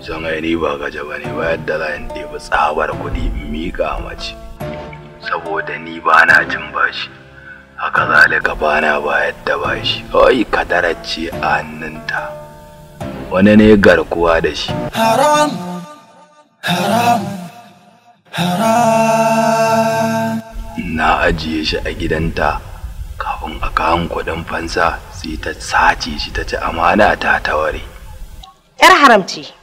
Zama ni ba gaja ba ne ba da za ɗebi tsabar kuɗi in miƙa mace saboda ni ba na jin bashi haka zalika ba na bayar da bashi ai kadaracce a hannunta wani ne garkuwa da shi haram haram haram na ajiye shi a gidanta kafin a kawo kuɗin fansa sai ta sace shi ta ci amana ta taware yar haramci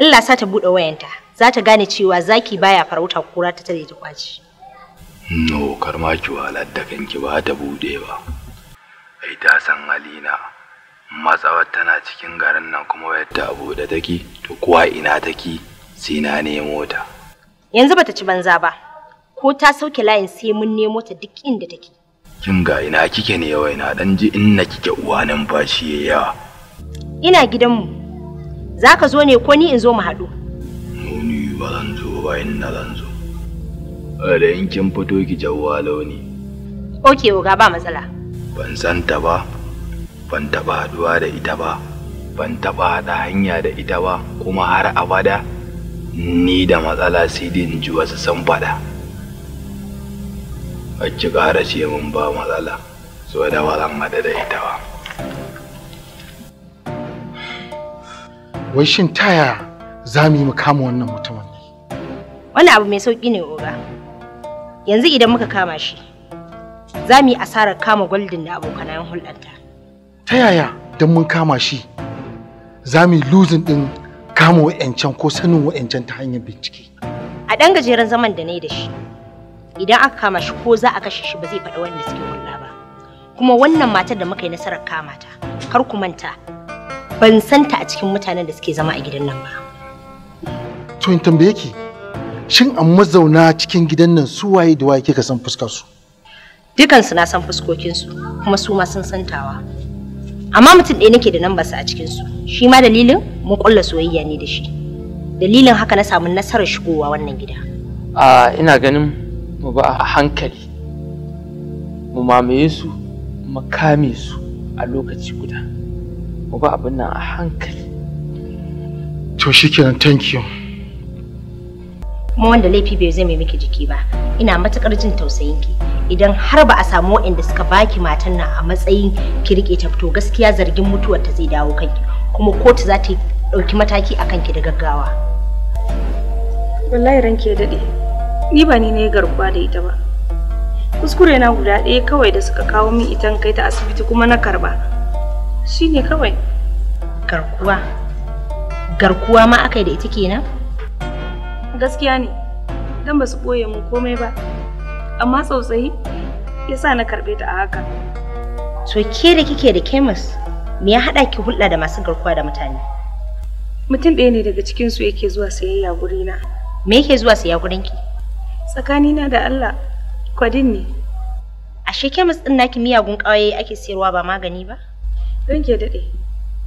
Allah sa ta buɗe wayanta za ta gane cewa zaki baya farauta kura ta tare ta kwaci. No, ma ki wahalar da kanki ba ta buɗe ba. Ai ta san Halina matsawar tana cikin garin nan kuma ta, abu buɗe take to kuwa ina take sai na nemo ta. Yanzu bata ci banza ba. Ko ta sauke layin sai mun nemo ta duk inda take. Kin ga ina kike ne yawa ina dan ji inna kike uwa numfashi yawa. Ina gidanmu za ka zo ne ko ni in zo mu haɗu ni ba zan zo ba in na zan zo da in kin fito ki jawwa launi ok oga ba matsala ban san ta ba ban taɓa haɗuwa da ita ba ban taɓa haɗa hanya da ita ba kuma har abada ni da matsala sai dai in ji wasu san faɗa a ci ƙara ce mun ba matsala so da ba zan da ita ba wai shin ta yaya za mu yi mu kama wannan mutumin ne wani abu mai sauƙi ne oga yanzu idan muka kama shi za mu yi asarar kama gwaldin da abokanan hulɗanta. ta yaya don mun kama shi za mu yi losing ɗin kama wa'yancan ko sanin wa'yancan ta hanyar bincike a ɗan gajeren zaman da na da shi idan aka kama shi ko za a kashe shi ba zai faɗi wanda suke hulɗa ba kuma wannan matar da muka yi nasarar kama ta kar ku manta ban san ta a cikin mutanen da suke zama a gidan nan ba. To in tambaye ki, shin an mazauna cikin gidan nan su waye da waye kika san fuskar su? Dukansu na san fuskokin su, kuma su ma sun santawa. Amma mutum ɗaya nake da nan sa a cikin su, shi ma dalilin mun ƙulla soyayya ne da shi. Dalilin haka na samu nasarar shigowa wannan gida. A ina ganin mu ba a hankali. Mu mamaye su, mu kame su a lokaci guda. mu ba abin nan a hankali to shikenan thank you kuma wanda laifi bai zai mai miki jiki ba ina matukar jin tausayin ki idan har ba a samu waɗanda suka baki matan nan a matsayin ki riƙe ta fito gaskiya zargin mutuwar ta zai dawo kai, kuma kotu za ta ɗauki mataki a kanki da gaggawa wallahi ranki ya daɗe ni ba ni ne garkuwa da ita ba kuskure na guda ɗaya kawai da suka kawo min itan kai ta asibiti kuma na karba shi ne kawai garkuwa garkuwa ma aka yi da ita kenan gaskiya ne don ba su ɓoye mu komai ba amma tsautsayi ya sa na karɓe ta a haka to ke da kike da kemis me ya haɗa ki hulɗa da masu garkuwa da mutane mutum ɗaya ne daga cikinsu yake zuwa sayayya gurina me yake zuwa saya gurinki tsakanina da allah kwadin ne ashe kemis ɗin naki miyagun ƙawaye ake sayarwa ba magani ba ke daɗe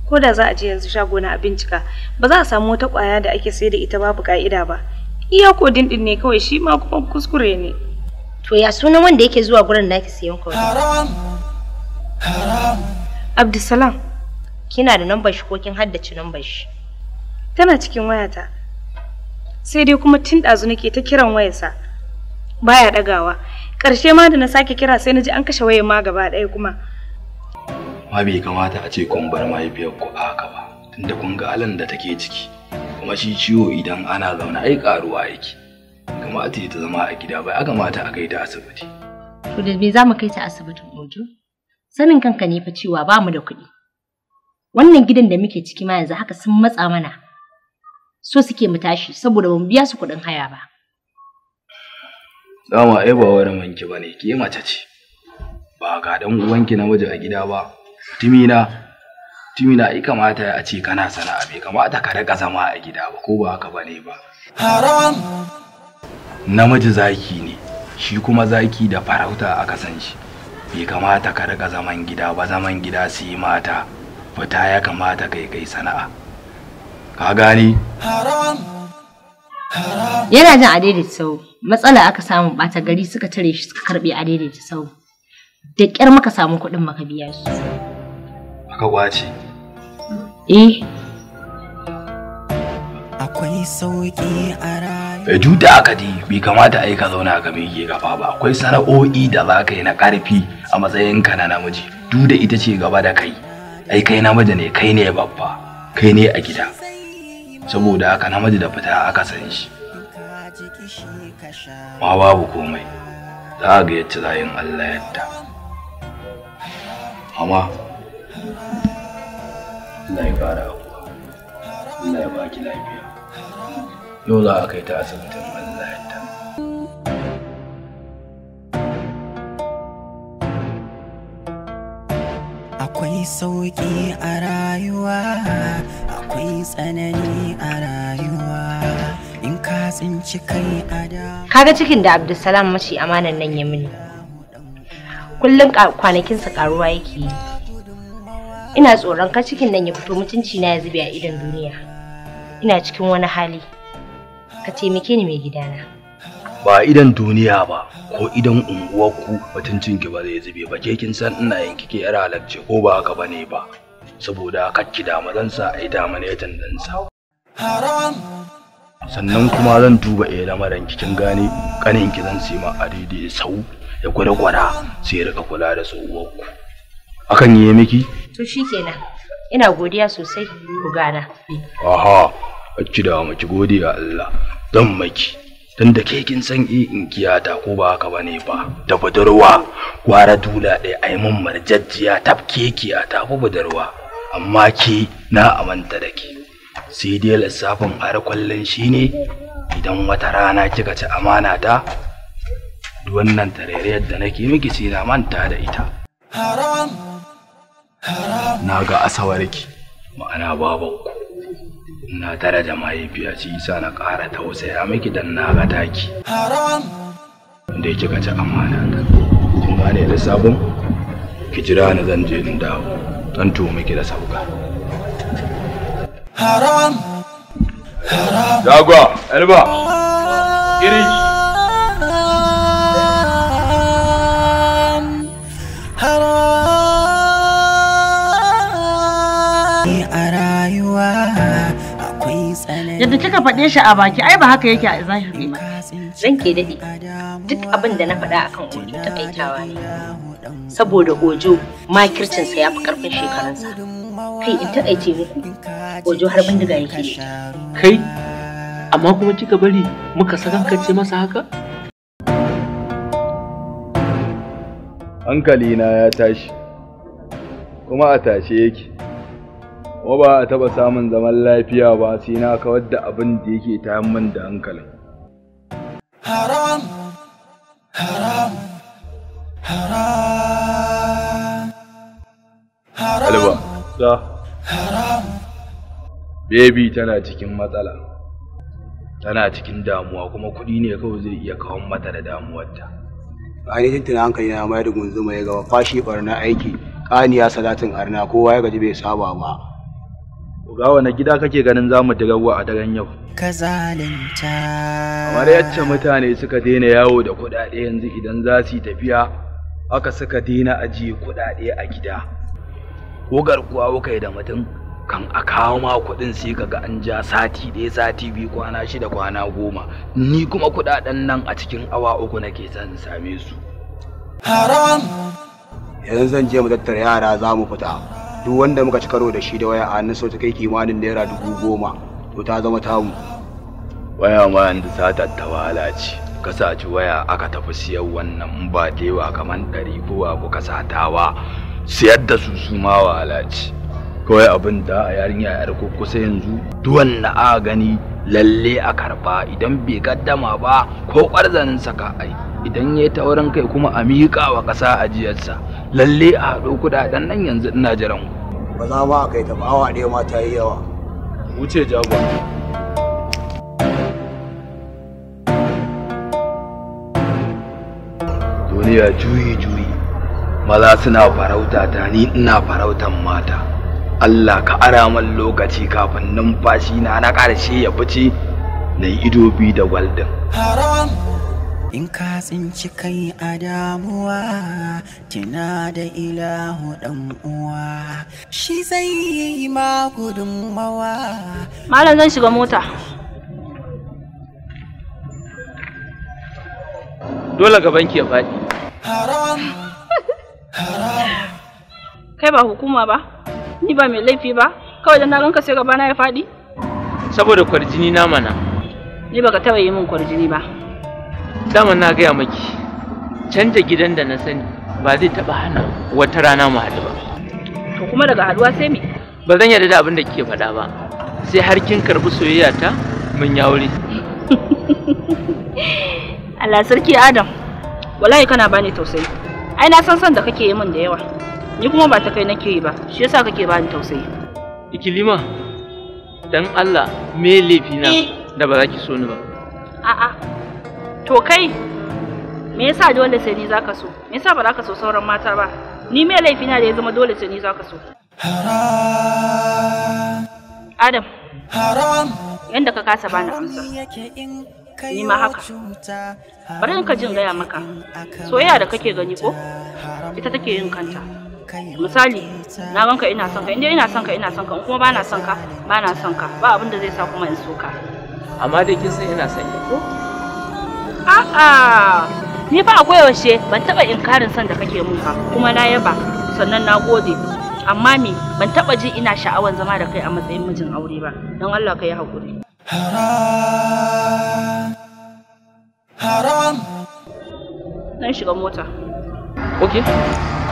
ko da za a je yanzu shago a bincika ba za a samu wata ƙwaya da ake sai da ita babu ka'ida ba iya ko dindin ne kawai shi ma kuma kuskure ne to ya sunan wanda yake zuwa gurin naki siyan kawai haram haram abdusalam kina da nambar shi ko kin haddace nambar shi tana cikin wayata sai dai kuma tun ɗazu nake ta kiran wayarsa baya ɗagawa ƙarshe ma da na sake kira sai na ji an kashe wayar ma gaba ɗaya kuma ma bai kamata a ce kun bar mahaifiyar ku haka ba tunda kun ga alan da take ciki kuma shi ciwo idan ana zaune ai karuwa yake kuma a ta zama a gida bai kamata a kai ta asibiti to da me za mu kai ta asibitin ojo sanin kanka ne fa cewa ba mu da kuɗi wannan gidan da muke ciki ma yanzu haka sun matsa mana so suke mu tashi saboda ban biya su kuɗin haya ba dama ai ba wani manki bane ke mace ce ba ga dan uwanki namiji a gida ba Timina, Timina ai kamata a ce kana sana'a bai kamata ka rika zama a gida ba ko ba haka ba ne ba. Haram! Namiji zaki ne, shi kuma zaki da farauta a kasan shi. Bai kamata ka rika zaman gida ba zaman gida su mata, fita ya kamata kai kai sana'a. Ka gane? Haram! Yana jin adaidaita sau, matsala aka samu ɓata gari suka tare shi suka karɓe adaidaita sau. da ƙyar maka samu kuɗin maka biya su. aka kwace eh akwai sauki a rayuwa eh, duk da aka di bai kamata yi ka zauna ga mai gaba ba akwai sana'o'i da za ka yi na karfi a matsayin ka na namiji duk da ita ce gaba da kai ai kai namiji ne kai ne babba kai ne a gida saboda haka namiji da fita aka san shi ma babu komai za ga yadda zayin Allah yadda amma Allah ya ƙara abuwa. Allah ya baki lafiya. Yau za a kai ta asibitin Allah ya ta. Akwai sauƙi a rayuwa, akwai tsanani a rayuwa. In ka tsinci kai a da. Kaga cikin da Abdulsalam mace amanan nan ya mini. Kullum kwanakinsa ƙaruwa yake yi. ina tsoron ka cikin nan ya fito mutunci na ya zube a idon duniya ina cikin wani hali ka taimake ni mai gidana ba idan duniya ba ko idan unguwarku mutuncin ki ba zai zube ba ke kin san ina yin kike yar halacce ko ba haka bane ba saboda kakki da sa ai da mane tandansa haram sannan kuma zan duba eh lamarin kin gane kanin ki zan sima a daidai sau ya gwada gwada sai rika kula da tsohuwarku akan yi miki to shikenan ina godiya sosai ku gana aha ki da mu ki gode Allah dan maki dan da ke kin san eh in kiyata ko ba haka bane ba da budurwa gwara dula ɗaya ai mun marjajjiya tafkeki a tafi budurwa amma ki na amanta da ki sai dai lissafin har kwallon shine idan wata rana kika ci amana ta wannan tarayyar da nake miki sai na manta da ita haram na ga asawarki ma'ana babanku na tare da mahaifiya shi isa na ƙara tausaya miki dan na ga taki da kika ci amana ta kun gane da sabon ki jira ni zan je in dawo dan to miki da sauka haram haram dagwa alba yadda kika faɗe shi a baki ai ba haka yake a zahiri ba zan ke daɗe duk abin da na faɗa akan ojo takaitawa ne saboda ojo makircinsa ya fi ƙarfin shekarunsa kai in takaice muku ojo har bindiga yake kai amma kuma kika bari muka sakankance masa haka hankalina ya tashi kuma a tashe yake kuma ba a taɓa samun zaman lafiya ba sai na kawar da abin da yake ta min da hankalin. Haram, haram, haram, haram, haram. Baby tana cikin matsala, tana cikin damuwa kuma kuɗi ne kawai zai iya kawo mata da damuwarta. Ainihin tunan hankali na mai da gunzuma ya gawa fashi barna aiki, ƙaniya salatin arna kowa ya gaji bai saba ba. ga wani gida kake ganin za mu dirawa a daren yau ka zalunta kamar yacce mutane suka daina yawo da kuɗaɗe yanzu idan za su yi tafiya aka suka daina ajiye kuɗaɗe a gida ko garkuwa kuka da mutum kan a kawo ma kuɗin sai ka ga an ja sati ɗaya sati biyu kwana shida kwana goma ni kuma kuɗaɗen nan a cikin awa uku nake son same su haram yanzu zan je mu tattara yara za mu fita duk wanda muka ci karo da shi da waya a hannun sau ta kai kimanin naira dubu goma to ta zama tamu waya ma yanzu sata ta wahala ce ka saci waya aka tafi siyan wannan in ba dewa kamar ɗari ko abu ka satawa siyar da su su ma wahala ce kawai abin da a yarinya yar kusa yanzu duwan na a gani lalle a karba idan bai gaddama ba ko ƙwarzanin saka ai idan ya taurin kai kuma a miƙa wa ƙasa ajiyarsa lalle a haɗo kuɗaɗen nan yanzu ina jiran ku ba za ma a kai ta ba awa ma ta yi yawa wuce jagora duniya juyi juyi maza suna farauta ta ni ina farautan mata Allah ka ara man lokaci kafin numfashi na na ƙarshe ya fice na yi ido bi da gwaldin. Haram! In ka tsinci kai a damuwa, tina da ilahu ɗan uwa, shi zai yi ma gudunmawa. Malam zan shiga mota. Dole banki ya faɗi. Haram! Haram! Kai ba hukuma ba? Ni ba mai laifi ba, kawai dan na ranka sai gaba na ya faɗi? Saboda kwarjini na mana. Ni baka taba yi min kwarjini ba. Dama na gaya maki, canja gidan da na sani ba zai taɓa hana wata rana mu haɗu ba. To kuma daga haɗuwa sai me? Ba zan yarda da abin da kike faɗa ba, sai har kin karbi soyayya ta mun ya wuri. Allah sarki Adam, wallahi kana bani tausayi. Ai na san san da kake yi min da yawa. ni kuma ba ta kai nake yi ba shi yasa kake bani tausayi ikilima dan Allah me na eh. da ba za ki so ni ba a'a to kai me yasa dole sai ni zaka so me yasa ba zaka so sauran mata ba ni me na da ya zama dole sai ni zaka so Adam haram yanda ka kasa bani amsa ni ma haka bari in ka jin gaya maka soyayya da kake gani ko ita take yin kanta misali na ganka ina son ka inda ina son ka ina son ka kuma bana son ka bana son ka ba abin da zai sa kuma in so ka amma dai kin san ina son ki ko a'a ni fa a koyaushe ban taba inkarin son da kake mun ba kuma na yaba sannan na gode amma me ban taba ji ina sha'awan zama da kai a matsayin mijin aure ba don Allah ka yi hakuri haram haram dan shiga mota okay